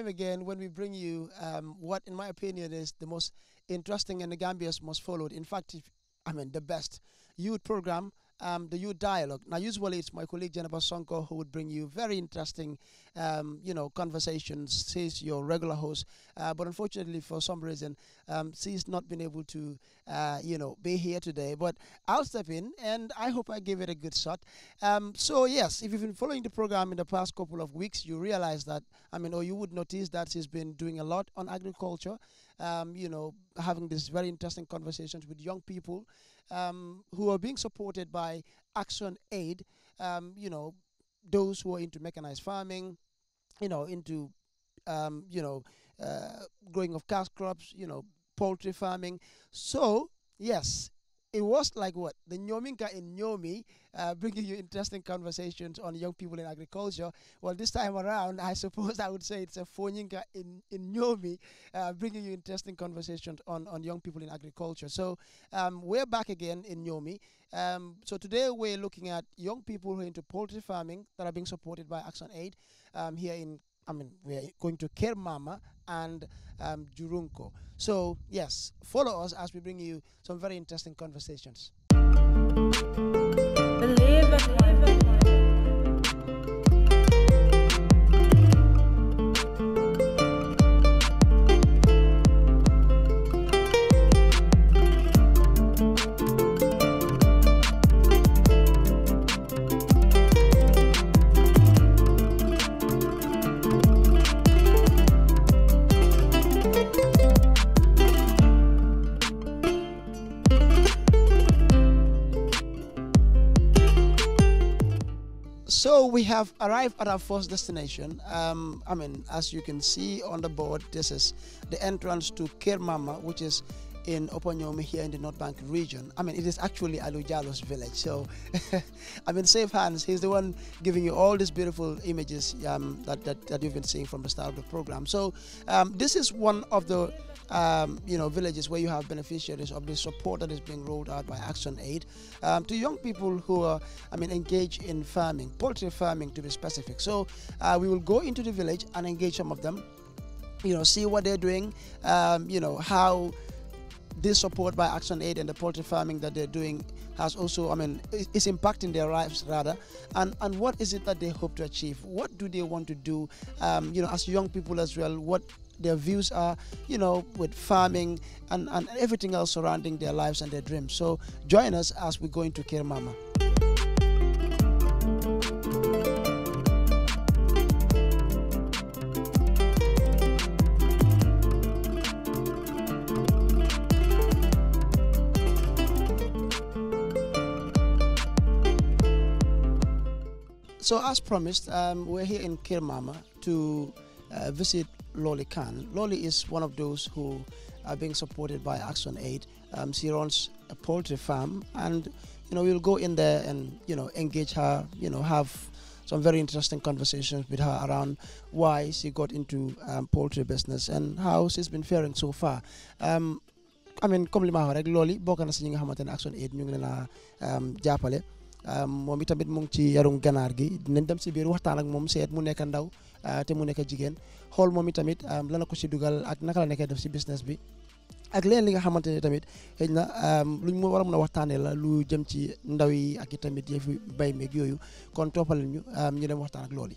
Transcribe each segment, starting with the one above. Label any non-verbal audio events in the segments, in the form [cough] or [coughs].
time again when we bring you um, what, in my opinion, is the most interesting and the Gambia's most followed. In fact, if, I mean, the best youth program um, the youth dialogue. Now, usually it's my colleague Jennifer Sonko who would bring you very interesting, um, you know, conversations. She's your regular host, uh, but unfortunately, for some reason, um, she's not been able to, uh, you know, be here today. But I'll step in, and I hope I give it a good shot. Um, so yes, if you've been following the program in the past couple of weeks, you realize that I mean, or you would notice that she's been doing a lot on agriculture. Um, you know, having these very interesting conversations with young people um, who are being supported by Action Aid, um, you know, those who are into mechanized farming, you know, into, um, you know, uh, growing of cash crops, you know, poultry farming. So, yes, it was like what the Nyominka in Nyomi, uh, bringing you interesting conversations on young people in agriculture. Well, this time around, I [laughs] suppose I would say it's a Fonyinka in in Nyomi, uh, bringing you interesting conversations on on young people in agriculture. So um, we're back again in Nyomi. Um, so today we're looking at young people who are into poultry farming that are being supported by Action Aid um, here in I mean, we're going to Kermama and um, Jurunko. So, yes, follow us as we bring you some very interesting conversations. Believe believe we have arrived at our first destination. Um, I mean, as you can see on the board, this is the entrance to Kermama, which is in Oponyomi here in the North Bank region. I mean, it is actually Alujalo's village. So, [laughs] I mean, safe hands. He's the one giving you all these beautiful images um, that, that, that, you've been seeing from the start of the program. So, um, this is one of the um, you know, villages where you have beneficiaries of the support that is being rolled out by Action Aid um, to young people who are, I mean, engaged in farming, poultry farming to be specific. So uh, we will go into the village and engage some of them, you know, see what they're doing, um, you know, how this support by Action Aid and the poultry farming that they're doing has also, I mean, is impacting their lives rather. And and what is it that they hope to achieve? What do they want to do? Um, you know, as young people as well, what their views are, you know, with farming and, and everything else surrounding their lives and their dreams. So join us as we go into Care Mama. So as promised, um, we're here in Kirmama to uh, visit Lolly Khan. Lolly is one of those who are being supported by Action Aid. Um, she runs a poultry farm, and you know we'll go in there and you know engage her. You know have some very interesting conversations with her around why she got into um, poultry business and how she's been faring so far. Um, I mean, come li ma wax rek loolu bokk na si ñi Action Aid ñu ngi leen a um, jàppale um, moom itamit mu ci yarum ganaar gi si biir waxtaan ak moom seet mu nekk ndaw uh, te mu nekk xool moom i tamit lana ko si dugal ak naka la nekkee def si business bi ak leen li nga xamante ne tamit xëy na luñ mu war a mën a waxtaanee la lu jëm ci ndaw yi ak i tamit yëfi bay meeg yooyu kon toppal ñu ñu dem waxtaan ak loolu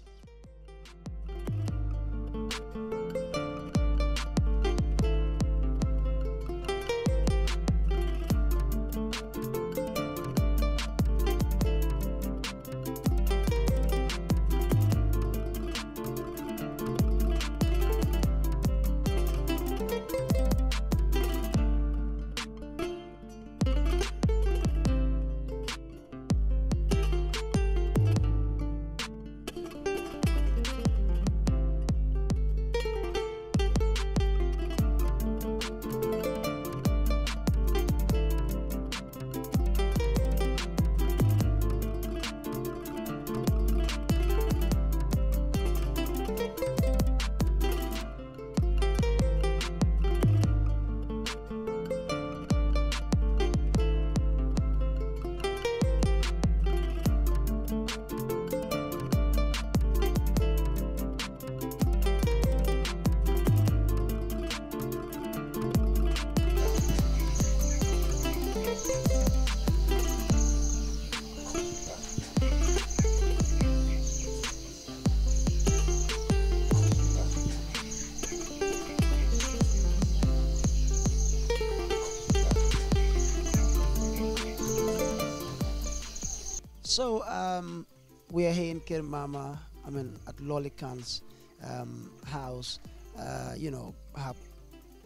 So um, we are here in Kirmama, I mean at Lolikan's um, house, uh, you know, her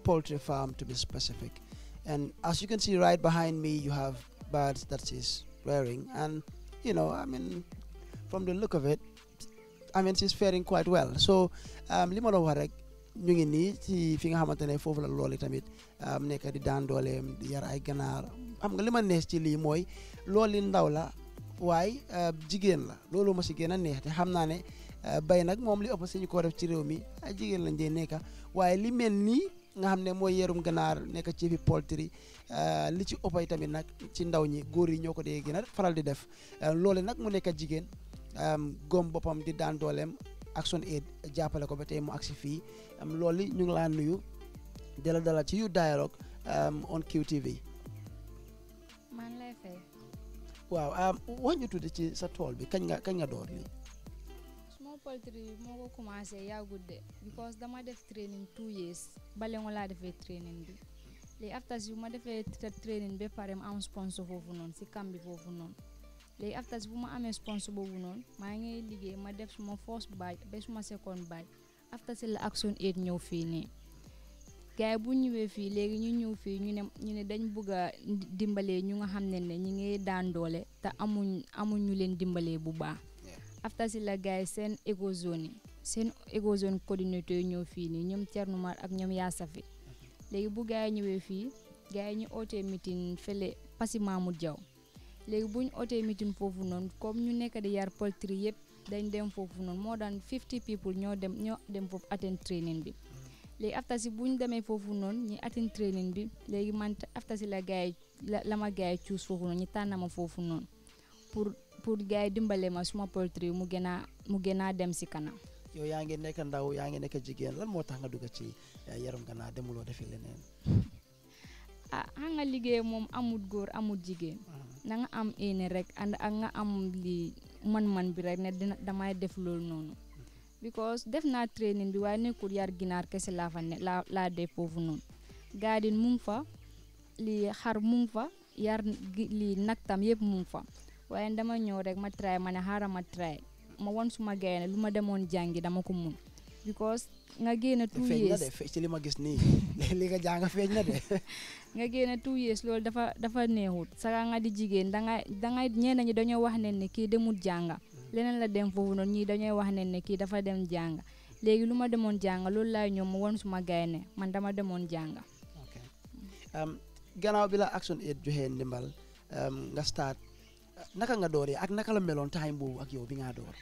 poultry farm to be specific. And as you can see right behind me, you have birds that is rearing. And, you know, I mean, from the look of it, I mean, she's faring quite well. So um, li ma doon wax rek ñu ngi nii ci fi nga xamante ne la looli tamit um, nekk di daan dooleem di yar ay ganaar xam nga li nees ci ndaw la waay euh, jigéen la loolu ma si génn a neex te xam naa ne euh, bay nag moom li ëpp suñu ko def ci réew mi jigéen lañ dee nekka waaye li mel nii nga xam ne mooy yerum ganaar nekk ci fi poultry euh, li ci ëppay tamit nag ci ndaw ñi góor yi ñoo ko dee gën a faral di def loole nag mu nekk jigéen góom boppam di daan dooleem Action Aid jàppale ko ba tey mu agsi fii loolu ñu ngi laa nuyu dala dala ci yu dialogue on QTV waaw ah, wax ñu tuuti ci sa tool bi kañ nga kañ nga door lii. small poultry bi moo ko commencé yàggut de because dama def training two years bale nga laa defee training bi léegi after si bu ma defee training ba pare ma am sponsor foofu noonu si kam bi foofu noonu léegi after si bu ma amee sponsor boobu noonu maa ngi liggéey ma def ma first batch ba suma second batch after si la ak Action Aid ñëw fii nii. gars yi bu ñëwee fii léegi ñu ñëw fii ñu ne ñu ne dañ bugg dimbalee ñu nga xam ne ne ñu ngi daan doole te amuñ amuñ ñu leen dimbalee bu baax. afta si la gars yi seen Ecozone yi seen Ecozone coordinateur yi ñëw fii nii ñoom Thierno ak ñoom Yaasafi mm-hmm. léegi bu gars yi ñëwee fii gars yi ñu ootee meeting fële Passy Mamoud Diaw léegi bu ñu ootee foofu noonu comme ñu nekk di yar poultry yëpp dañ dem foofu noonu moo daan 50 people ñoo dem ñoo dem foofu attend training bi. Mm-hmm. léegi after si bu ñu demee foofu noonu ñu atteindre training bi léegi man after si la gars yi la ma gars yi cuus foofu noonu ñu tànn ma foofu noonu pour pour gars yi dimbale ma suma poultry mu gën a mu gën a dem si kanam. yow yaa ngi nekk ndaw yaa ngi nekk jigéen lan moo tax nga dugg ci yaram ganaar demuloo defi leneen. [laughs] ah xam nga liggéey moom amut góor amut jigéen. Mm-hmm. na nga am éene rek ànd ak nga am li man-man bi rek ne dina damay def loolu noonu. because def naa training bi waaye nekkul yar ginaar kese laa fa ne laa laa def foofu noonu gaadin mu fa lii xar mu fa yar lii nag tam yëpp mu fa waaye dama ñëw rek ma try ma ne xaaral ma try ma won suma gaay lu ma demoon jàngi dama ko mun because nga génn two years li ma gis nii [laughs] li nga [laughs] nga génn two years loolu dafa dafa neexut saka nga di jigéen danga dangay ñee nañu dañoo wax ne ni kii demut jànga leneen la dem foofu noonu ñii dañuy wax ne ne kii dafa dem jàng léegi lu ma demoon jàng loolu laay ñoom mu won suma gaay man dama demoon jàng. ok gannaaw bi la Action Aid joxe ndimbal nga start naka nga door yi ak naka la meloon time boobu ak yow bi nga door.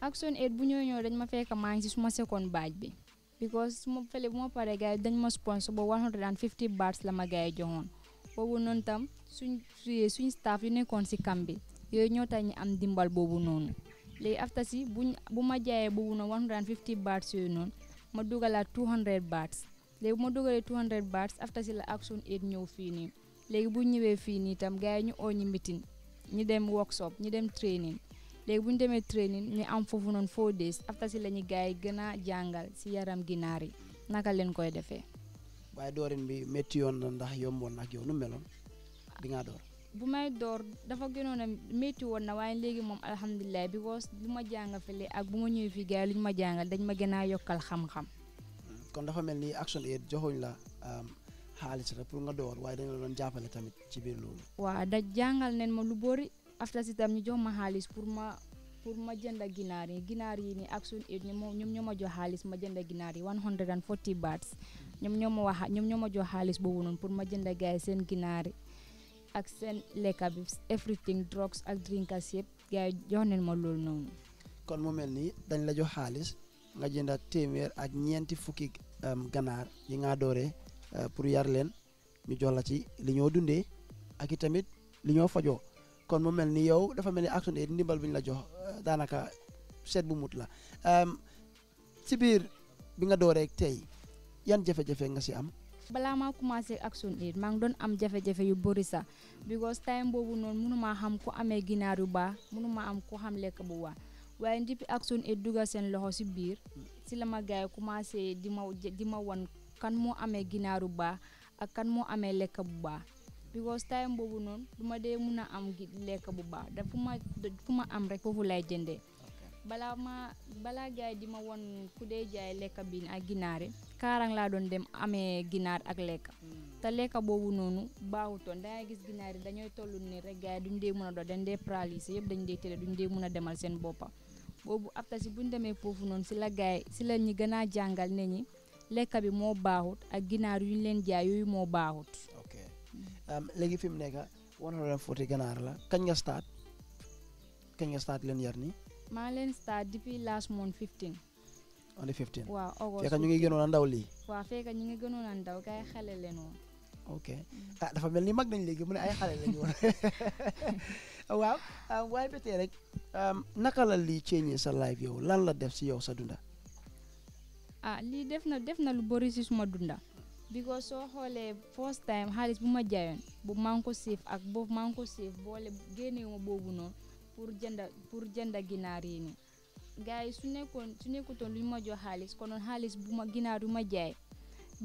Action Aid bu ñëwee ñëw dañ ma fekk maa ngi si suma second baaj bi. because su ma fële bu ma paree gars yi dañ ma sponsor ba 150 bahts la ma gars yi joxoon boobu noonu tam suñ suñ staff yu nekkoon si kam bi yooyu ñoo tax am dimbal boobu noonu léegi after si buñ bu ma jaayee boobu noonu 150 bahts yooyu noonu ma dugalaat 200 bahts léegi bu ma dugalee 200 bahts after si la Action Aid ñëw fii nii léegi bu ñëwee fii nii tam gars yi ñu oo ñu meeting ñu dem workshop ñu dem training léegi bu ñu demee training ñu am foofu noonu four days after si la ñu gars yi gën a jàngal si yaram ginaar yi naka leen koy defee. waaye doorin bi métti yoon na ndax yomboon ak yow nu meloon di ngaa bu may door dafa gënoon a métti woon na waaye léegi moom alhamdulilah because lu ma jànga fële ak bu ma ñëwee fii gars yi lu ñu ma jàngal dañ ma gën yokkal xam-xam. kon dafa mel ni Action Aid joxuñ la um, xaalis rek pour nga door waaye dañ la doon jàppale tamit ci biir loolu. waaw da jàngal nen ma lu a after si tam ñu jox ma xaalis pour ma pour ma jënd ginaar yi ginaar yi ni Action Aid ñoom ñoo ma jox xaalis ma jënd ginaar yi one hundred and forty baats ñoom ñoo ma wax ñoom ñoo ma jox xaalis boobu noonu pour ma jënd gars yi seen ginaar yi ak seen lekka bi everything drugs ak drinkas yëpp gars yi jox neen ma loolu noonu. kon mu mel ni dañ la jox xaalis nga jënda téeméer ak ñeenti fukki euh, ganaar yi nga dooree euh, pour yar leen ñu jox la ci li ñoo dundee ak i tamit li ñoo fajoo kon mu mel ni yow dafa mel ni Action Aid ndimbal bi ñu la jox euh, daanaka seet bu mut la si biir bi nga dooree tey yan jafe-jafe nga si am. balaa ma commencé ak sun it maa ngi doon am jafe-jafe yu bëri sax because time boobu noonu mënumaa xam ku amee ginaar yu baax mënumaa am ku xam lekk bu baax waaye depuis ak sun dugal seen loxo si biir si la ma gars di ma di ma wan kan moo amee ginaar yu baax ak kan moo amee lekk bu baax because time boobu noonu du ma dee mun a am lekk bu baax da fu ma fu ma am rek foofu lay jëndee balaa ma balaa gars di ma wan ku dee jaay lekk bi ak ginaar yi kaarang laa doon dem amee ginaar ak lekk hmm. te lekk boobu noonu baaxutoon dangay gis ginaar yi dañooy toll nii rek gaay yi duñ dee mën a doon dañ dee paralysé yëpp dañ dee tële duñ dee mën a demal seen boppa boobu après si buñ demee foofu noonu si la gaay si la ñi gën a jàngal ne ñi lekk bi moo baaxut ak ginaar yuñ leen jaay yooyu moo baaxut. Hmm. Um, léegi fi mu nekk 140 ganaar la kañ nga start kañ nga start leen yar nii. maa leen start depuis last month only 15 waaw August fekk ñu ngi gënoon a ndaw lii waaw fekk ñu ngi gënoon a ndaw kay xale lenoo ok mm. ah dafa mel ni mag nañ léegi mu ne ay xale lañu woon [laughs] waaw ah, waaye ba rek um, naka la lii change sa life yow lan la def si yow sa dunda ah lii def na def na lu bari si suma dunda because soo xoolee first time xaalis bu ma jaayoon bu maa ko siif ak boobu maa ngi ko siif boole génnewu ma boobu noonu pour jënda pour jënda ginaar yi nii gars yi su nekkoon su nekkutoon lu ñu ma jox xaalis konoon xaalis bu ma ginaar yu ma jaay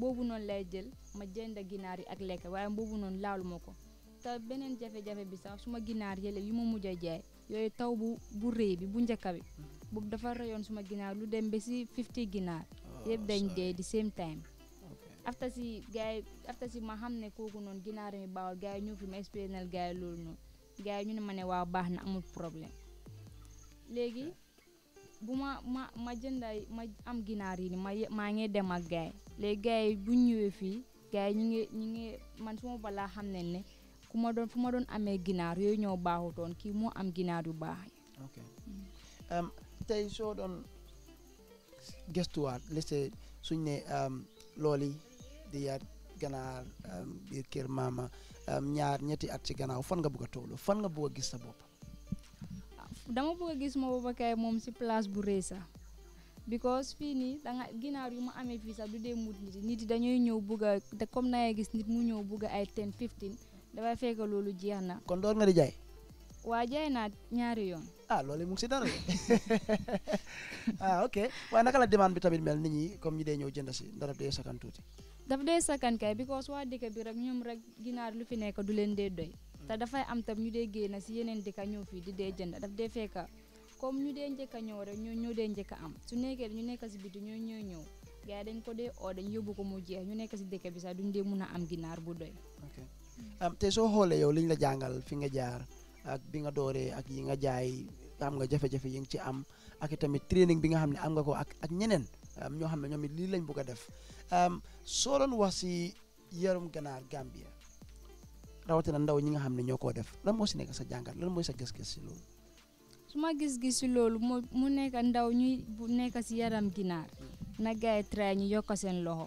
boobu noonu lay jël ma jënd ginaar yi ak lekk waaye boobu noonu laalu ma ko te beneen jafe-jafe bi sax su ma ginaar yële yu ma mujj a jaay yooyu taw bu bu rëy bi bu njëkka bi mm-hmm. boobu dafa reyoon suma ginaar lu dem ba si 50 ginaar oh, yëpp dañ dee di same time afta si gars yi si ma xam ne kooku noonu ginaar mi baawul gars yi ñëw fi ma expliqué nal loolu noonu gars yi ñu ne ma ne baax na amul problème bu ma ma ma jënday ma am ginaar yi ni ma maa ngi dem ak gaay léegi gaay yi bu ñëwee fii gaay yi ñu ngi ñu ngi man suma ma balaa xam ne ne ku ma doon fu ma doon amee ginaar yooyu ñoo baaxutoon kii mu am ginaar yu baax yi. Um, tey soo doon gestuwaat liste suñ ne um, looli di yar ganaar um, biir kër maama ñaar ñetti at ci gannaaw fan nga bëgg a fan nga bëgg gis sa boppa dama bëgg gis ma Boubacar moom ya si place bu rëy because fii nii danga ginaar yu ma amee fii sax du dee mut nit yi nit yi dañuy ñëw bëgg a comme na ya gis nit mu ñëw bëgg ay ten fifteen dafay fekk loolu jeex na. kon door nga di jaay. waa jaay naa ñaari yoon. [laughs] ah loolu mu ngi si dara [laughs] ah ok waaye naka la demande bi tamit mel nit ñi comme ñi dee ñëw jënd si dara dee sakan tuuti. daf dee sakan kay because waa dëkk bi rek ñoom rek ginaar lu fi nekk ya du leen dee doy da fay am tam ñu dee génn ci yenen dika ñëw fi di dé jënd daf dé fekka comme ñu dé nyu a rek ñoo ñoo dé njëkk am su néké ñu nekk ci nyu ñoo ñoo ñëw gaay dañ ko dé o dañ yobbu ko mu jeex ñu nekk ci dëkk bi sax duñ dé mëna am ginaar bu doy te so xolé yow liñ la jàngal fi nga jaar ak bi nga ak yi nga jaay am nga jafe-jafe yi ci am ak tamit training bi nga xam ne am nga ko ak ak ñenen ñoo ham ne li lañ def so doon wax yerum yarum ganar Gambia rawatina ndaw ñi nga xam ne ñoo koo def lan moo si nekk sa jàngat lan mooy sa gis-gis si loolu. su ma gis-gis si loolu mu mu nekk ndaw ñuy nekk si yaram ginaar na gaay try ñu yokk seen loxo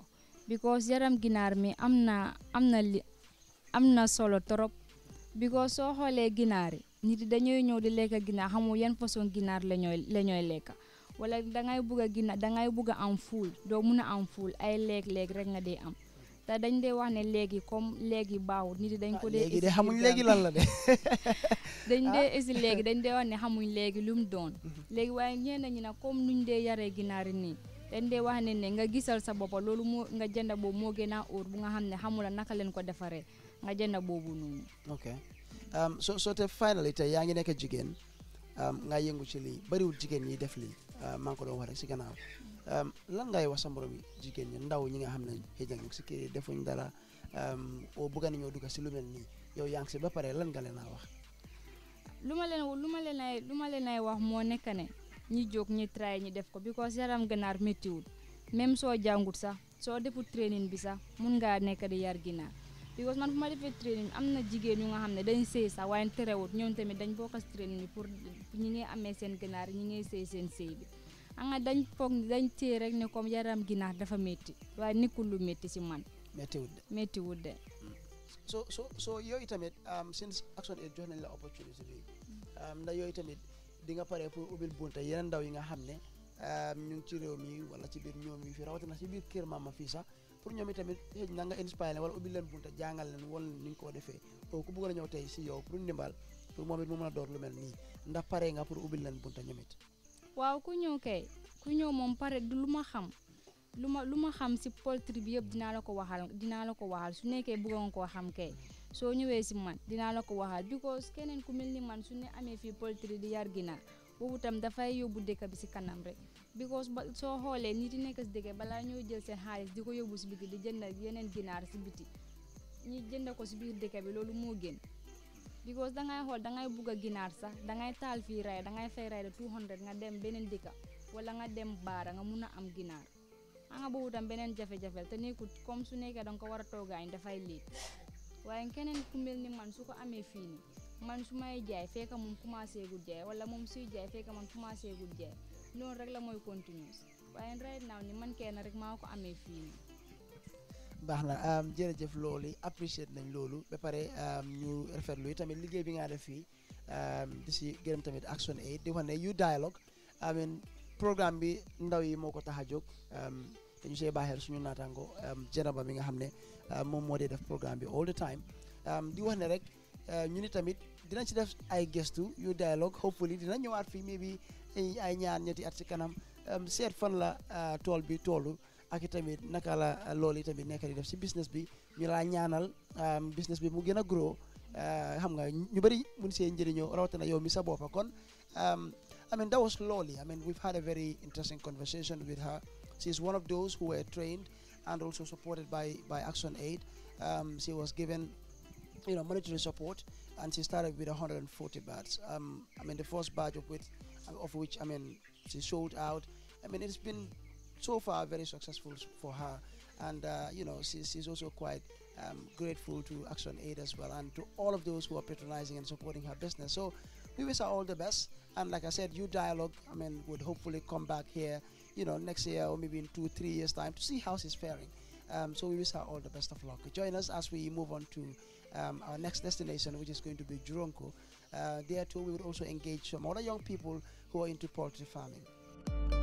because yaram ginaar mi am na am na li am na solo trop because soo xoolee ginaar yi di dañuy ñëw di lekk ginaar xamu yan façon ginaar la ñooy la ñooy lekk wala dangay bugg a ginaar dangay bugg a am fuul doo mun a am fuul ay lekk-lekk rek nga dee am. te dañ dee wax ne léegi comme léegi baaw nit dañ ko dee ah, léegi de xamuñ léegi lan la de [laughs] dañ dee ah. léegi dañ dee wax ne xamuñ léegi lu mu doon mhm. léegi waaye ñeen ñi nag comme nuñ dee yaree ginaari nii dañ dee wax ne ne nga gisal sa boppa loolu moo nga jënd boobu moo gën a óor bu nga xam ne xamula naka leen ko defaree nga jënd boobu noonu ok um, so so te finally te yaa ngi nekk jigéen um, nga yëngu ci lii bariwul jigéen ñi def lii uh, maa ngi ko doon wax si gannaaw lan ngay wax sa morom yi jigéen ñi ndaw ñi nga xam ne xëy na ñu ngi si kii defuñ dara oo si lu mel nii yow yaa si ba pare lan nga leen a wax. lu ma leen lu ma leen ay lu ma leen ay wax moo nekk ne ñi jóg ñi try ñi def ko because yaram ganaar méttiwul même soo jàngut sax soo defut training bi sax mun ngaa nekk di yar ginaar because man fu am na jigéen yu nga xam ne dañ sëy sax waaye terewut ñoom tamit dañ bokk si training bi pour ñi ngay amee seen ganaar ñi ngay sëy seen sëy bi. am na dañ foog dañ téye rek ne comme yaram ginaar dafa métti waaye nekkul lu métti si man. méttiwul de de. soo soo so yooyu tamit um, since action aid jox nañ la opportunity bi um, ndax yooyu tamit di nga pare pour ubbil bunta yeneen ndaw yi nga xam ne um, ñu ci réew wala ci biir ñoom yi fi rawatina ci biir kër maama fii sax pour ñoom i tamit xëy na nga inspiré leen bunta jàngal leen wala ni nga ko defee kooku oh, bëgg na ñëw tey si yow pour ndimbal pour moom it mu mën door lu mel nii ndax pare nga pour ubbil leen bunta ñoom it waaw ku ñëw kay ku ñëw moom pare du lu ma xam lu ma lu ma xam si poltri bi yëpp dinaa la ko waxal dinaa la ko waxal su nekkee bëggoon koo xam kay soo ñëwee si man dinaa la ko waxal because keneen ku mel ni man su ne amee fii poltri di yar gina boobu tam dafay yóbbu dëkk bi si kanam rek because ba soo xoolee nit yi nekk si dëkk balaa ñuy jël seen xaalis di ko yóbbu si biti di jënd yeneen ginaar si biti ñi jënd ko si biir dëkk bi loolu moo génn because da ngay xool da ngay bugg ginar sax da ngay taal fii ray da ngay fay ray 200 nga dem benen dika wala nga dem baara nga am ginar anga bu wutam benen jafe-jafe te neeku comme su nekkee da nga ko war a toogaañ dafay liit waaye ku melni ni man su ko amé fi ni man su may jaay fekk moom commencé gul jaay wala moom suy jaay fekk man commencé gul jaay non rek la moy continuer waye right now ni man kenn rek mako ko fi ni baax na jërëjëf loolu yi apprécié nañ loolu ba pare ñu rafetlu yi tamit liggéey bi nga def fii di si gërëm tamit action aid di wax ne you dialogue amiin programme bi ndaw yi moo ko tax a jóg dañu see baaxeel suñu naataango jërëba mi nga xam ne moom moo dee def programme bi all the time di wax rek e, ñu ni tamit dinañ ci def ay gestu yu dialogue hopefully dina ñëwaat fii maybe ay ñaar ñetti at si kanam seet fan la e, tool bi toolu. ak naka la uh, loolu nekk di def si business bi ñu laa ñaanal um, business bi mu gën a uh, xam nga ñu bëri mun see njëriñoo rawatina yow mi sa boppa kon um, I mean that was slowly. I mean we've had a very interesting conversation with her. She's one of those who were trained and also supported by by Action Aid. Um, she was given you know monetary support and she started with 140 bats Um, I mean the first batch of which of which I mean she sold out. I mean it's been so far very successful for her. And, uh, you know, she's, she's also quite um, grateful to Action Aid as well and to all of those who are patronizing and supporting her business. So we wish her all the best. And like I said, you dialogue, I mean, would hopefully come back here, you know, next year or maybe in two, three years' time to see how she's faring. Um, so we wish her all the best of luck. Join us as we move on to um, our next destination, which is going to be Juronko. Uh, there too, we would also engage some other young people who are into poultry farming.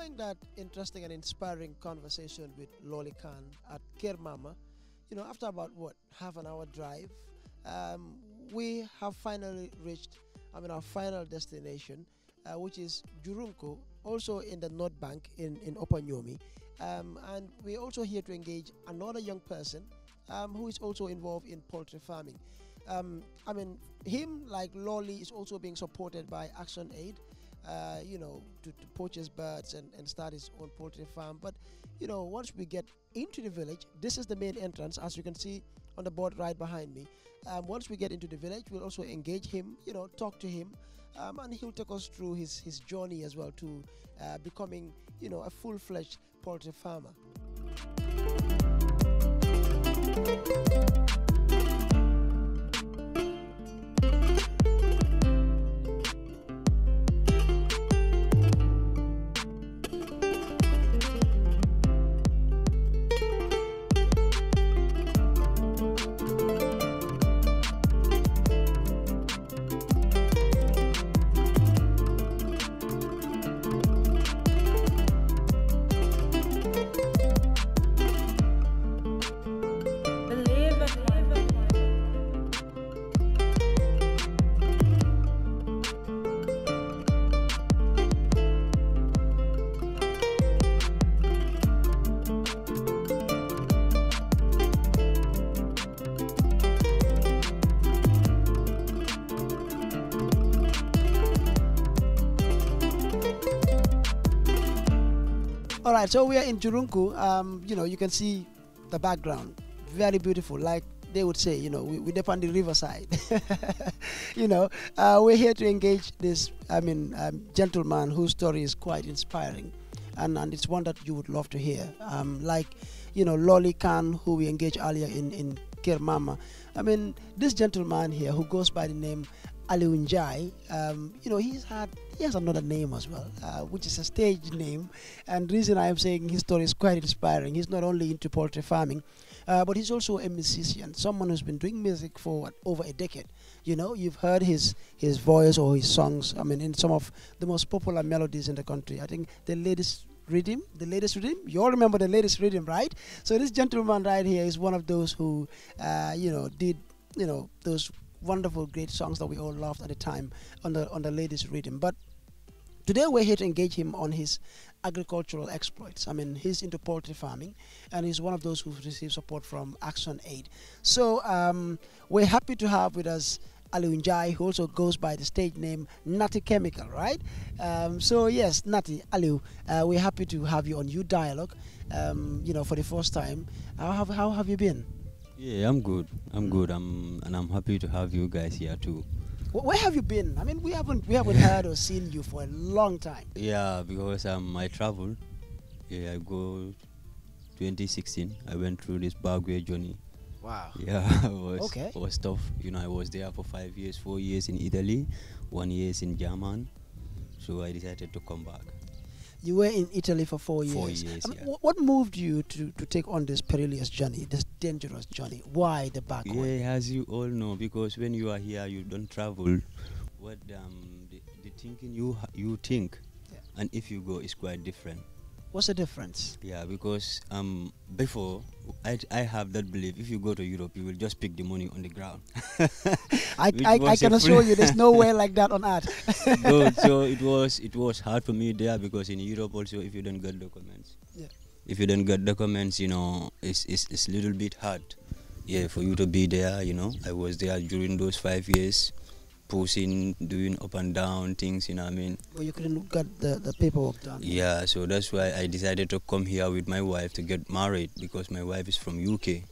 following that interesting and inspiring conversation with Loli Khan at Kermama, you know, after about what half an hour drive, um, we have finally reached, I mean, our final destination, uh, which is Jurunko, also in the North Bank in in Opanyomi, um, and we're also here to engage another young person um, who is also involved in poultry farming. Um, I mean, him like Lolly is also being supported by Action Aid uh, you know, to, to purchase birds and, and start his own poultry farm. But, you know, once we get into the village, this is the main entrance, as you can see on the board right behind me. Um, once we get into the village, we'll also engage him, you know, talk to him, um, and he'll take us through his, his journey as well to uh, becoming, you know, a full-fledged poultry farmer. All right, so we are in Jurunku. Um, you know, you can see the background, very beautiful. Like they would say, you know, we, we depend on the riverside. [laughs] you know, uh, we're here to engage this, I mean, um, gentleman whose story is quite inspiring. And, and it's one that you would love to hear. Um, like, you know, Lolly Khan, who we engaged earlier in, in Kirmama. I mean, this gentleman here who goes by the name Ali Unjai, um, you know, he's had he has another name as well, uh, which is a stage name. And reason I am saying his story is quite inspiring. He's not only into poultry farming, uh, but he's also a musician, someone who's been doing music for what, over a decade. You know, you've heard his his voice or his songs. I mean, in some of the most popular melodies in the country. I think the latest rhythm, the latest rhythm. You all remember the latest rhythm, right? So this gentleman right here is one of those who, uh, you know, did you know those wonderful, great songs that we all loved at the time on the on the latest rhythm. But Today we're here to engage him on his agricultural exploits. I mean, he's into poultry farming, and he's one of those who've received support from Action Aid. So um, we're happy to have with us Unjai, who also goes by the stage name Natty Chemical, right? Um, so yes, Natty, Aliu, uh, we're happy to have you on You Dialogue. Um, you know, for the first time, how have how have you been? Yeah, I'm good. I'm good. I'm and I'm happy to have you guys here too. Where have you been? I mean, we haven't we haven't heard or seen you for a long time. Yeah, because um, I travel. Yeah, I go 2016. I went through this Bagwe journey. Wow. [laughs] Yeah, it was, okay. it was tough. You know, I was there for five years, four years in Italy, one year in German. So I decided to come back. You were in Italy for four years. Four years. Um, yeah. what moved you to, to take on this perilous journey, this dangerous journey? Why the back Yeah, as you all know, because when you are here, you don't travel. What um, the, the thinking you you think, yeah. and if you go, is quite different. What's the difference? Yeah, because um, before I, I have that belief. If you go to Europe, you will just pick the money on the ground. [laughs] I, I, I can assure you, there's nowhere like that on earth. [laughs] Good. So [laughs] it was it was hard for me there because in Europe also, if you don't get documents, yeah. if you don't get documents, you know, it's it's it's a little bit hard. Yeah, for you to be there, you know, I was there during those five years pushing, doing up and down things, you know what I mean? Well, you couldn't get the, the paperwork done. Yeah, so that's why I decided to come here with my wife to get married because my wife is from UK.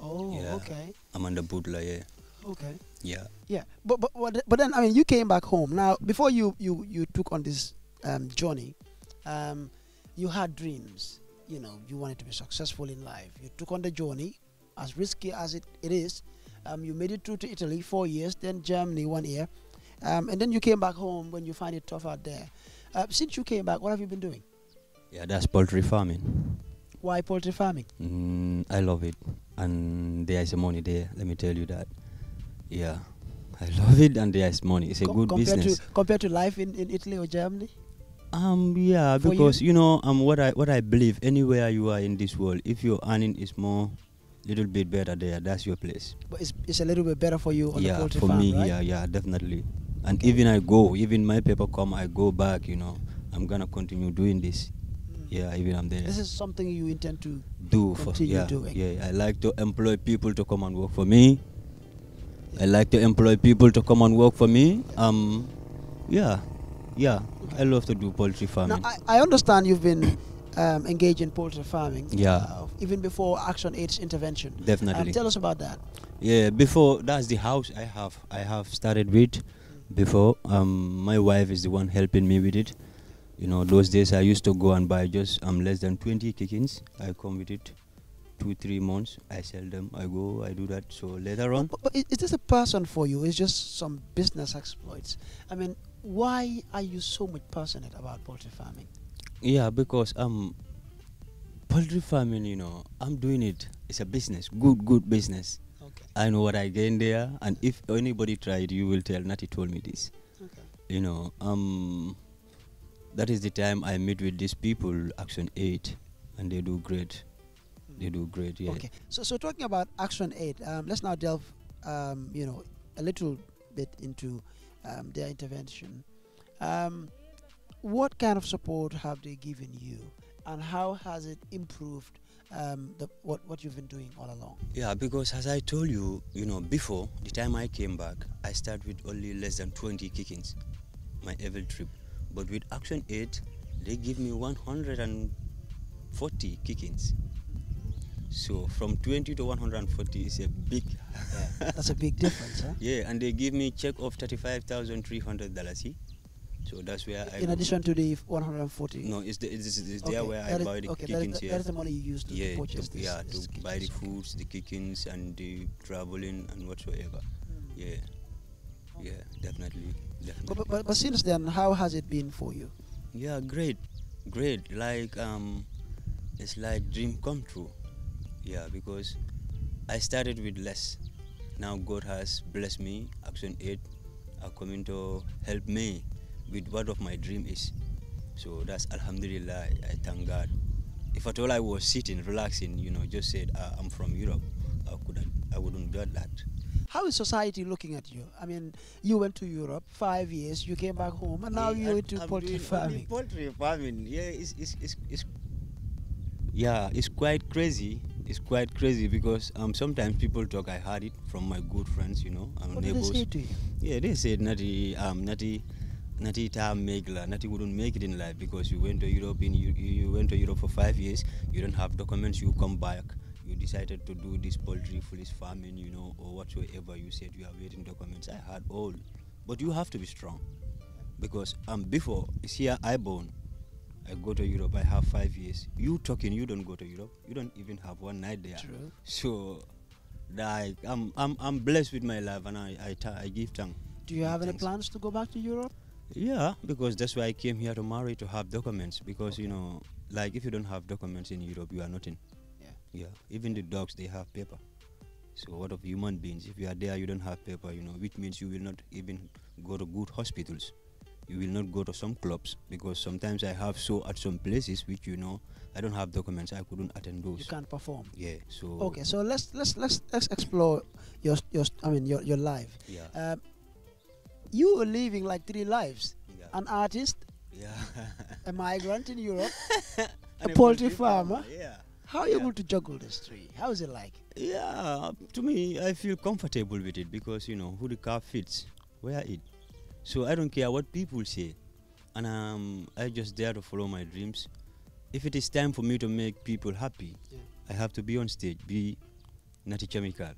Oh, yeah. okay. Amanda Butler, yeah. Okay. Yeah. Yeah, but, but but but then I mean, you came back home. Now, before you you you took on this um, journey, um, you had dreams. You know, you wanted to be successful in life. You took on the journey, as risky as it, it is um, you made it through to Italy four years, then Germany one year, um, and then you came back home when you find it tough out there. Uh, since you came back, what have you been doing? Yeah, that's poultry farming. Why poultry farming? Mm, I love it, and there is money there. Let me tell you that. Yeah, I [laughs] love it, and there is money. It's a Co good compared business. To, compared to life in, in Italy or Germany. Um, yeah, For because you? you know, um, what I what I believe anywhere you are in this world, if your earning is more little bit better there. That's your place. But it's, it's a little bit better for you on yeah, the poultry for farm, me, right? Yeah, yeah, definitely. And okay. even I go, even my people come, I go back. You know, I'm gonna continue doing this. Mm. Yeah, even I'm there. This is something you intend to do for yeah, doing. Yeah, I like to employ people to come and work for me. Yeah. I like to employ people to come and work for me. Yeah. Um, yeah, yeah. Okay. I love to do poultry farming. Now, I, I understand you've been [coughs] um, engaged in poultry farming. Yeah. Uh, even before Action Aid's intervention. Definitely. Um, tell us about that. Yeah, before that's the house I have I have started with before. Um, my wife is the one helping me with it. You know, those days I used to go and buy just um less than 20 kickings. I come with it two three months i sell them i go i do that so later on but, but is this a person for you it's just some business exploits i mean why are you so much passionate about poultry farming yeah because um poultry farming, you know, I'm doing it. It's a business, good, good business. Okay. I know what I gain there, and if anybody tried, you will tell. Nati told me this. Okay. You know, um, that is the time I meet with these people, Action Eight, and they do great. They do great. Yeah. Okay. So, so talking about Action Eight, um, let's now delve, um, you know, a little bit into um, their intervention. Um, what kind of support have they given you? and how has it improved um, the, what, what you've been doing all along? Yeah, because as I told you, you know, before the time I came back, I started with only less than 20 kickings, my evil trip. But with Action 8, they give me 140 kickings. So from 20 to 140 is a big. yeah, [laughs] that's a big difference, huh? [laughs] Yeah, and they give me check of $35,300. So that's where I. In addition to the 140. No, it's the, it's, it's okay. there where that I buy the okay, kickings. That is, the, that is the money you use to, yeah, purchase to, Yeah, this to kickings. buy the foods, the kickings, and the traveling and whatsoever. Mm. Yeah, yeah, definitely, definitely. But, but, but since then, how has it been for you? Yeah, great, great. Like um, it's like dream come true. Yeah, because I started with less. Now God has blessed me. Action eight are coming to help me with what of my dream is. So that's Alhamdulillah, I thank God. If at all I was sitting, relaxing, you know, just said, uh, I'm from Europe, I, couldn't, I wouldn't do that. How is society looking at you? I mean, you went to Europe five years, you came back home, and now yeah, you're into I'm poultry farming. Poultry farming, yeah, it's, it's, it's, it's, yeah, it's quite crazy. It's quite crazy because um, sometimes people talk. I heard it from my good friends, you know, um, what neighbors. Did they say to you? Yeah, they said, Nati, um, Nati, Nati time megla, Nati wouldn't make it in life because you went to Europe in you, you went to Europe for five years. You don't have documents. You come back. You decided to do this poultry, foolish farming, you know, or whatsoever. You said you are waiting documents. I had all, but you have to be strong, because um before it's here I born. I go to Europe. I have five years. You talking. You don't go to Europe. You don't even have one night there. True. So, like, I'm I'm I'm blessed with my life, and I I, I give thanks. Do you have any plans to go back to Europe? Yeah, because that's why I came here to marry to have documents. Because okay. you know, like if you don't have documents in Europe, you are nothing. Yeah. Yeah. Even the dogs, they have paper. So what of human beings? If you are there, you don't have paper. You know, which means you will not even go to good hospitals. You will not go to some clubs because sometimes I have so at some places which you know I don't have documents. I couldn't attend those. You can't perform. Yeah. So. Okay. So let's let's let's let's explore your your I mean your your life. Yeah. Uh, you were living like three lives yeah. an artist, yeah. a migrant in Europe, [laughs] a, poultry farmer. Yeah. How are you able to juggle this three? How is it like? Yeah, to me, I feel comfortable with it because, you know, who the car fits, wear it. So I don't care what people say. And um, I just dare to follow my dreams. If it is time for me to make people happy, I have to be on stage, be not chemical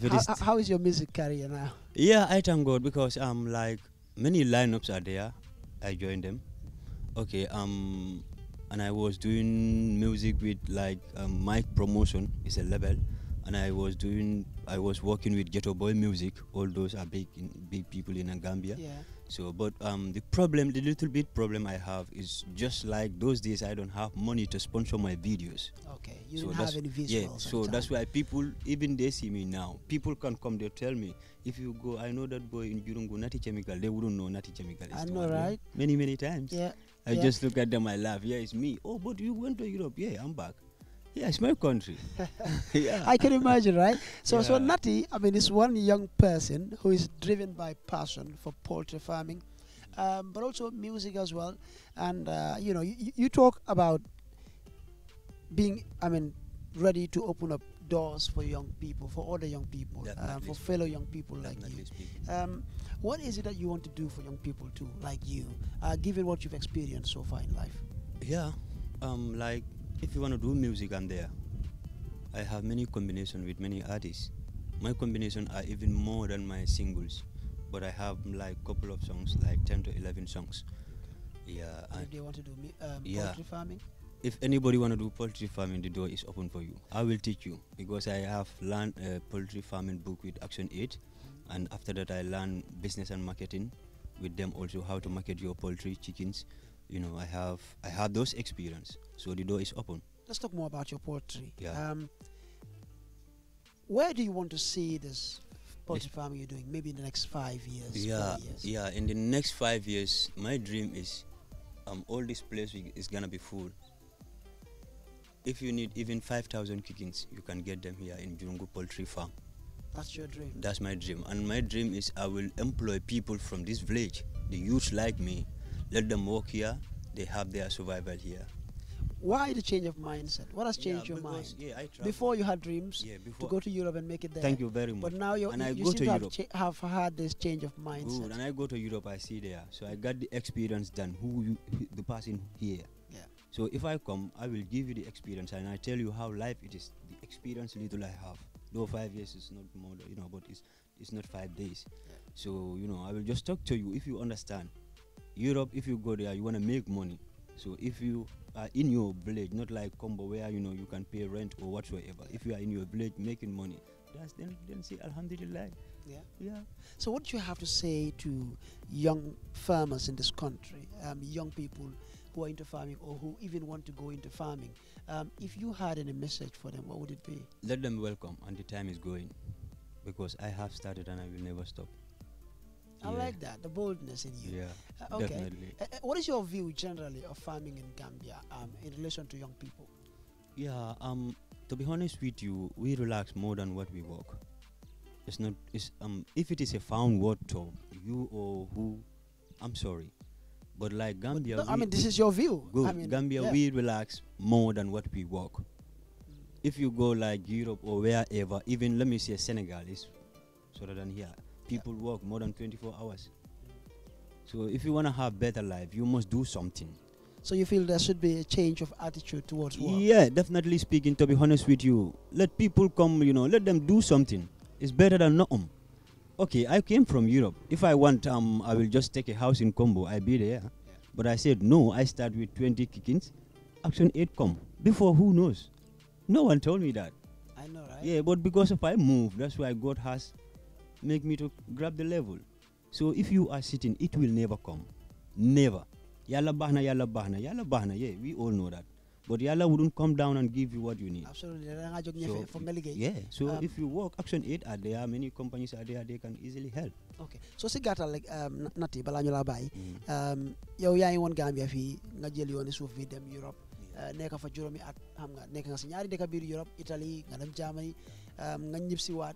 how, how is your music career now? Yeah, I thank God because I'm um, like many lineups are there. I joined them. Okay, um, and I was doing music with like um, Mike Promotion is a label, and I was doing I was working with Ghetto Boy Music. All those are big in, big people in Gambia. Yeah. So, but um, the problem, the little bit problem I have is just like those days I don't have money to sponsor my videos. Okay, you so don't have any visuals. Yeah, so that's why people, even they see me now, people can come, they tell me, if you go, I know that boy in Jurungo, Nati Chemical, they wouldn't know Nati Chemical is I know, right? Many, many times. Yeah. I yeah. just look at them, I laugh. Yeah, it's me. Oh, but you went to Europe. Yeah, I'm back. Yeah, it's my country. [laughs] yeah. I can imagine, right? So, yeah. so Nati, I mean, is one young person who is driven by passion for poultry farming, um, but also music as well. And uh, you know, you talk about being, I mean, ready to open up doors for young people, for other young people, uh, for fellow young people like you. Um, what is it that you want to do for young people too, like you, uh, given what you've experienced so far in life? Yeah, um, like if you want to do music, I'm there. I have many combinations with many artists. My combinations are even more than my singles, but I have like couple of songs, like 10 to 11 songs. Yeah. And if they want to do um, yeah. poultry farming? If anybody want to do poultry farming, the door is open for you. I will teach you because I have learned a poultry farming book with Action Aid, mm. and after that I learned business and marketing with them also how to market your poultry, chickens, you know, I have I had those experience. So the door is open. Let's talk more about your poetry. Yeah. Um, where do you want to see this poetry farming you're doing? Maybe in the next five years. Yeah, years? yeah. In the next five years, my dream is, um, all this place is gonna be full. If you need even five thousand chickens, you can get them here in Jungu Poultry Farm. That's your dream. That's my dream, and my dream is I will employ people from this village, the youth like me, let them work here. They have their survival here. Why the change of mindset? What has changed yeah, your mind? Yeah, I travel. before you had dreams yeah, to go to Europe and make it there. Thank you very much. But now you're, and you, I you go to have, have, had this change of mindset. Good. And I go to Europe, I see there. So I got the experience done, who you, the person here. Yeah. So if I come, I will give you the experience and I tell you how life it is. The experience little I have. Though five years is not more, you know, but it's, it's not five days. Yeah. So, you know, I will just talk to you if you understand. Europe, if you go there, you want to make money. So if you are in your village, not like Combo where you know you can pay rent or whatsoever. If you are in your village making money, that's then then say Alhamdulillah. Yeah. Yeah. So what do you have to say to young farmers in this country, um, young people who are into farming or who even want to go into farming? Um, if you had any message for them, what would it be? Let them welcome, and the time is going, because I have started and I will never stop. I yeah. like that, the boldness in you. Yeah, uh, okay. definitely. Uh, uh, what is your view generally of farming in Gambia um, in relation to young people? Yeah, um, to be honest with you, we relax more than what we work. It's not. It's um. If it is a found word to you or who, I'm sorry, but like Gambia, but no, I mean this is your view. Good. I mean, Gambia, yeah. we relax more than what we work. If you go like Europe or wherever, even let me say Senegal is sort of than here people work more than 24 hours. So if you want to have better life, you must do something. So you feel there should be a change of attitude towards work? Yeah, definitely speaking, to be honest with you. Let people come, you know, let them do something. It's better than nothing. Okay, I came from Europe. If I want, um, I will just take a house in Combo. I be there. Yeah. But I said, no, I start with 20 kickings, action 8 come. Before, who knows? No one told me that. I know, right? Yeah, but because if I move, that's why God has make me to grab the level so if you are sitting it will never come never yàlla baax na yàlla baax na yàlla baax na yeah we all know that but yàlla wouldn't come down and give you what you need. absolutely da ngaa jóg ñefe foog nga liggéey. yeah so um, if you work Action Aid are there many companies are there they can easily help. ok so si gàttal rek um, nati balaa ñu laa bàyyi. Mm. Um, yow yaa ngi woon Gambia fii nga jël yooni suuf bi dem Europe. Uh, nekk fa juróomi at xam nga nekk nga si ñaari dëkk biir Europe Italie nga dem Germany nga ñib si waat.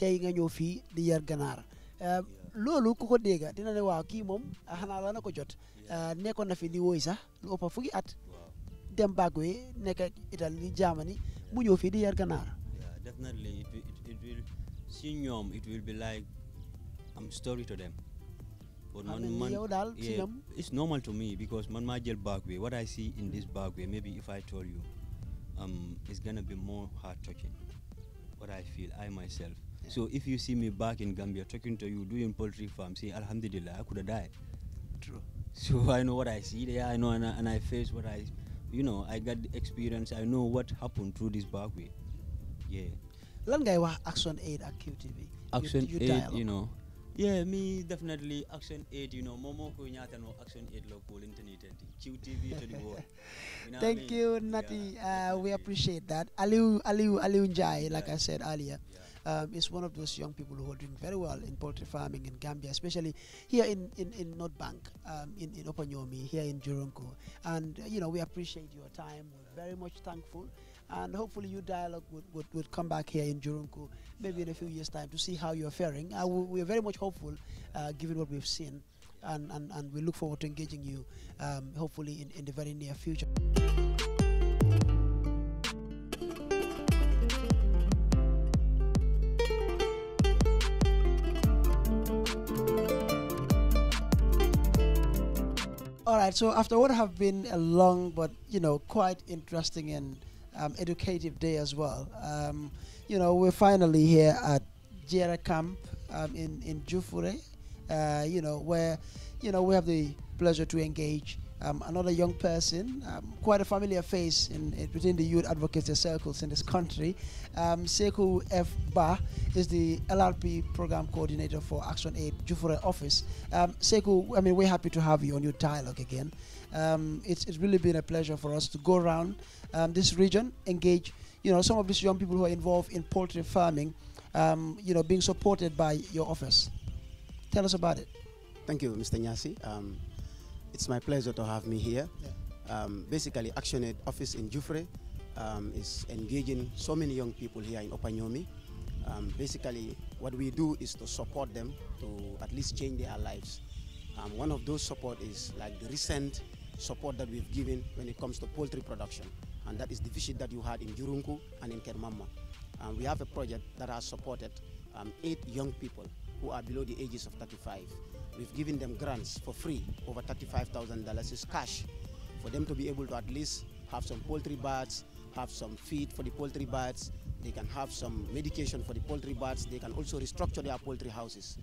tey nga ñëw fii di yar ganaar euh, loolu ku ko dégg dina ne waaw kii moom xanaa la na ko jot euh, nekkoon na fi ni wooy sax lu ëpp fukki at dem Bagwe nekk Italie ni Germany mu ñëw fii di yar ganaar definitely it will si ñoom it will be like am story to them man yow daal si ñoom it's normal to me because man maa jël Bagwe what I see in this Bagwe maybe if I told you um it's gonna be more heart touching what I feel I myself So if you see me back in Gambia talking to you, doing poultry farm, say Alhamdulillah, I could have died. True. So [laughs] I know what I see there, I know and I, and I face what I, you know, I got experience, I know what happened through this back way. Yeah. Lan ngay wax Action Aid at QTV. Action you, you Aid, dialogue. you know. Yeah, me definitely Action Aid, you know. Momo ko nyata no Action Aid local internet and QTV to the world. Thank you, Nati. Yeah, uh, we appreciate that. Aliu Aliu Aliu Njai, like yeah. I said earlier. Yeah um, is one of those young people who are doing very well in poultry farming in Gambia, especially here in, in, in North Bank, um, in, in Opanyomi, here in Jurunko. And, uh, you know, we appreciate your time. We're very much thankful and hopefully your dialogue would, would, would, come back here in Jurunku maybe in a few years time to see how you're faring. Uh, we, are very much hopeful uh, given what we've seen and, and, and we look forward to engaging you um, hopefully in, in the very near future. All right. So after what have been a long but you know quite interesting and um, educative day as well, um, you know we're finally here at Jera Camp um, in in Jufure, uh, you know where you know we have the pleasure to engage um, another young person, um, quite a familiar face in, in, within the youth advocacy circles in this country. Um, F. Ba is the LRP program coordinator for Action Aid Jufure office. Um, I mean, we're happy to have you on your dialogue again. Um, it's, it's really been a pleasure for us to go around um, this region, engage, you know, some of these young people who are involved in poultry farming, um, you know, being supported by your office. Tell us about it. Thank you, Mr. Nyasi. It's my pleasure to have me here. Yeah. Um, basically, ActionAid office in Jufre um, is engaging so many young people here in Opanyomi. Um, basically, what we do is to support them to at least change their lives. Um, one of those support is like the recent support that we've given when it comes to poultry production. And that is the visit that you had in Jurunku and in Kermama. And um, we have a project that has supported um, eight young people who are below the ages of 35. We've given them grants for free, over $35,000 is cash, for them to be able to at least have some poultry birds, have some feed for the poultry birds, they can have some medication for the poultry birds, they can also restructure their poultry houses.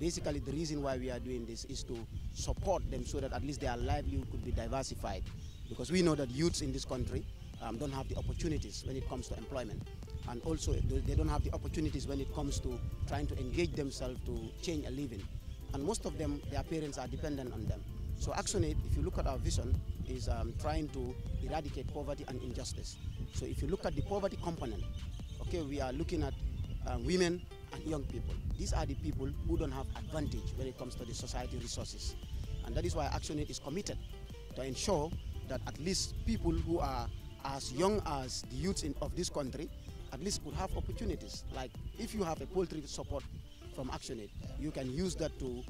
Basically, the reason why we are doing this is to support them so that at least their livelihood could be diversified. Because we know that youths in this country um, don't have the opportunities when it comes to employment. And also, they don't have the opportunities when it comes to trying to engage themselves to change a living and most of them, their parents are dependent on them. So ActionAid, if you look at our vision, is um, trying to eradicate poverty and injustice. So if you look at the poverty component, okay, we are looking at um, women and young people. These are the people who don't have advantage when it comes to the society resources. And that is why ActionAid is committed to ensure that at least people who are as young as the youths in, of this country at least could have opportunities. Like if you have a poultry support from ActionAid. You can use that to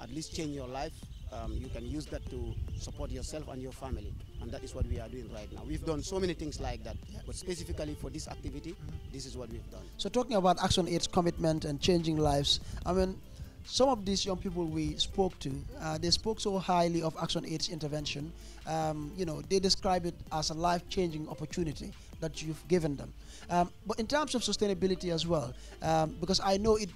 at least change your life. Um, you can use that to support yourself and your family. And that is what we are doing right now. We've done so many things like that, but specifically for this activity, this is what we've done. So, talking about ActionAid's commitment and changing lives, I mean, some of these young people we spoke to, uh, they spoke so highly of Action Aid's intervention. Um, you know, they describe it as a life-changing opportunity that you've given them. Um, but in terms of sustainability as well, um, because I know it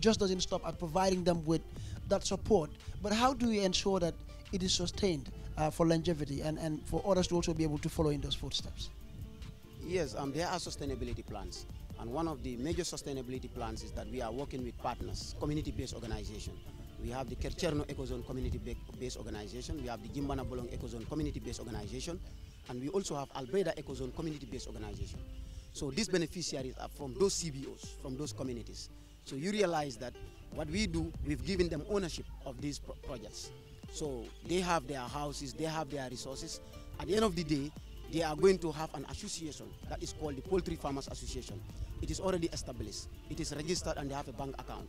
just doesn't stop at providing them with that support. But how do we ensure that it is sustained uh, for longevity and, and for others to also be able to follow in those footsteps? Yes, um, there are sustainability plans. And one of the major sustainability plans is that we are working with partners, community-based organizations. We have the Kercherno Ecozone Community-Based Organization. We have the Gimbana Bolong Ecozone Community-Based Organization. And we also have Albeda Ecozone Community-Based Organization. So these beneficiaries are from those CBOs, from those communities. So you realize that what we do, we've given them ownership of these pro projects. So they have their houses, they have their resources. At the end of the day, they are going to have an association that is called the Poultry Farmers Association. It is already established, it is registered and they have a bank account.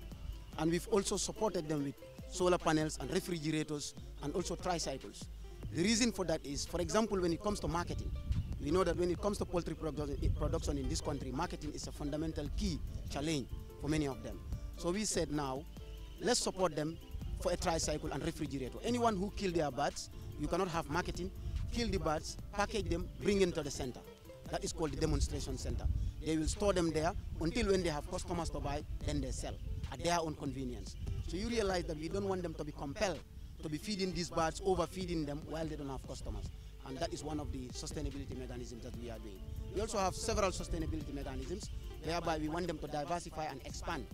And we've also supported them with solar panels and refrigerators and also tricycles. The reason for that is, for example, when it comes to marketing, we know that when it comes to poultry production in this country, marketing is a fundamental key challenge for many of them. So we said now, let's support them for a tricycle and refrigerator. Anyone who kill their birds, you cannot have marketing, kill the birds, package them, bring them to the center. That is called the demonstration center. They will store them there until when they have customers to buy, then they sell at their own convenience. So you realize that we don't want them to be compelled to be feeding these birds, overfeeding them while they don't have customers and that is one of the sustainability mechanisms that we are doing. We also have several sustainability mechanisms whereby we want them to diversify and expand.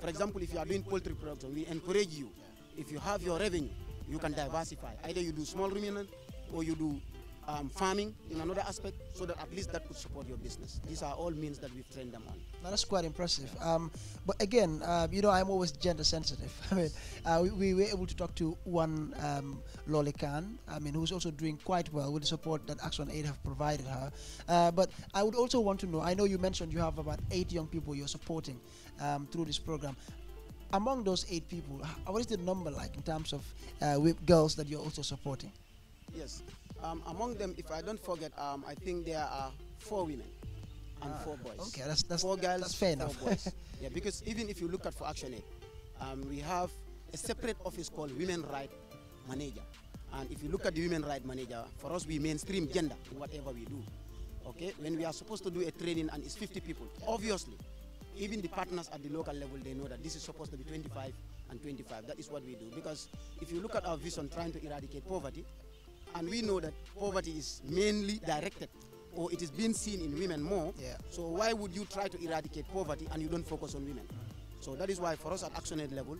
For example, if you are doing poultry production, we encourage you, if you have your revenue, you can diversify. Either you do small ruminant or you do um, farming in another aspect so that at least that could support your business. These are all means that we've trained them on. Now that's quite impressive. Um, but again, uh, you know, I'm always gender sensitive. [laughs] I mean, uh, we, we, were able to talk to one um, Loli Khan, I mean, who's also doing quite well with the support that Action Aid have provided her. Uh, but I would also want to know, I know you mentioned you have about eight young people you're supporting um, through this program among those eight people, what is the number like in terms of uh, girls that you're also supporting? Yes, um, among them, if I don't forget, um, I think there are four women and four ah, boys. Okay, that's, that's four girls, that's fair enough. boys. [laughs] yeah, because even if you look at for Action Aid, um, we have a separate office called Women Right Manager. And if you look at the Women Right Manager, for us we mainstream gender in whatever we do. Okay, when we are supposed to do a training and it's 50 people, obviously, even the partners at the local level, they know that this is supposed to be 25 and 25. That is what we do. Because if you look at our vision trying to eradicate poverty, and we know that poverty is mainly directed or it is being seen in women more. Yeah. So why would you try to eradicate poverty and you don't focus on women? So that is why for us at action Aid level,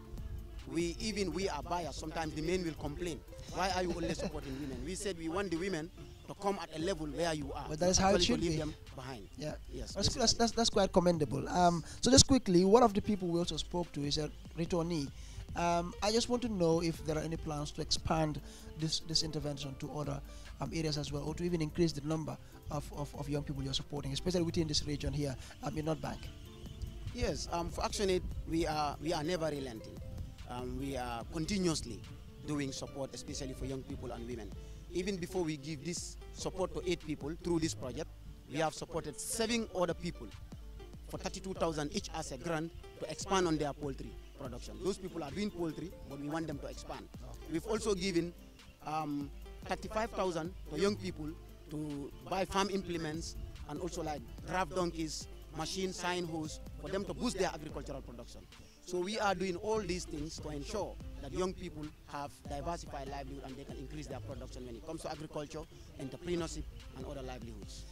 we even we are biased. Sometimes the men will complain. Why are you only supporting women? We said we want the women to come at a level where you are. But that's how it should leave be. them behind. Yeah. Yes. That's, that's, that's, that's, quite commendable. Um, so just quickly, one of the people we also spoke to is a returnee um, I just want to know if there are any plans to expand this, this intervention to other um, areas as well, or to even increase the number of, of, of young people you're supporting, especially within this region here um, in North Bank. Yes, um, for ActionAid, we are, we are never relenting. Um, we are continuously doing support, especially for young people and women. Even before we give this support to eight people through this project, we have supported seven other people for 32,000 each as a grant to expand on their poultry production. Those people are doing poultry, but we want them to expand. We've also given um, 35,000 to young people to buy farm implements and also like draft donkeys, machine sign hose for them to boost their agricultural production. So we are doing all these things to ensure that young people have diversified livelihood and they can increase their production when it comes to agriculture, entrepreneurship and other livelihoods.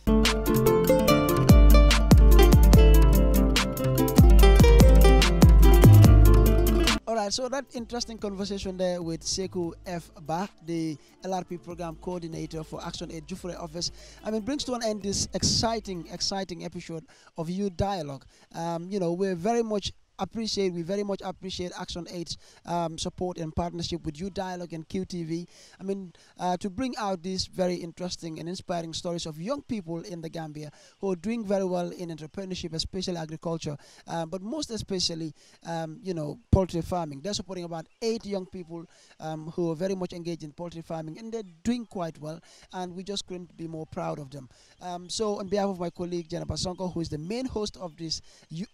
All right, so that interesting conversation there with Seku F. Ba, the LRP program coordinator for Action Aid Jufure office. I mean, brings to an end this exciting, exciting episode of You Dialogue. Um, you know, we're very much appreciate, we very much appreciate Action Aid's um, support and partnership with U Dialogue and QTV. I mean, uh, to bring out these very interesting and inspiring stories of young people in the Gambia who are doing very well in entrepreneurship, especially agriculture, um, but most especially, um, you know, poultry farming. They're supporting about eight young people um, who are very much engaged in poultry farming, and they're doing quite well, and we just couldn't be more proud of them. Um, so on behalf of my colleague, Jenna Basongo, who is the main host of this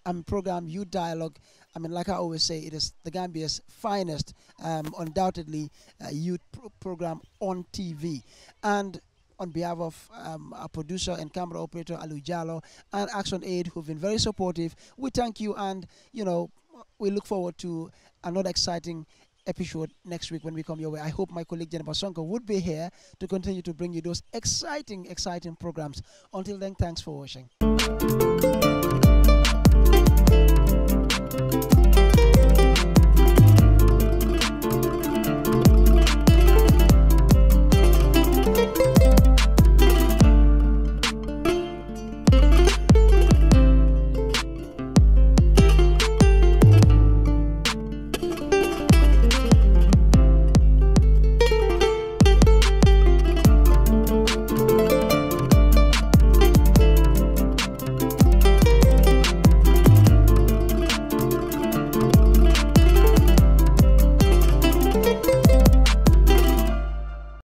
um, program, U Dialogue, I mean, like I always say, it is the Gambia's finest, um, undoubtedly, uh, youth pro program on TV. And on behalf of um, our producer and camera operator, Alu Jalo, and Action Aid, who've been very supportive, we thank you and, you know, we look forward to another exciting episode next week when we come your way. I hope my colleague Jennifer Sonko would be here to continue to bring you those exciting, exciting programs. Until then, thanks for watching.